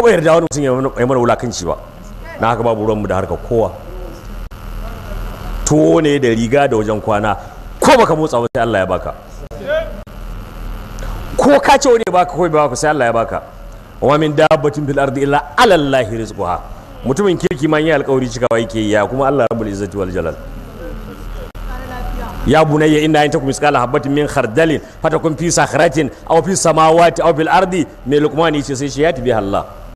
taɓa yarda wani mutum ya mana wulakanci ba na haka babu ruwanmu da harka kowa tuwo ne da riga da wajen kwana ko baka motsa ba sai Allah ya baka ko ka ce wani ya baka ko bai baka sai Allah ya baka wa min dabbatin fil ardi illa ala Allah rizquha mutumin kirki ma yi alƙawari cikawa yake ya kuma Allah rabbul izzati wal jalal ya bunayya inna in takum misqala habatin min khardalin fatakun fi sakhratin aw fi samawati aw fil ardi me luqman yace sai shi ya tabi Allah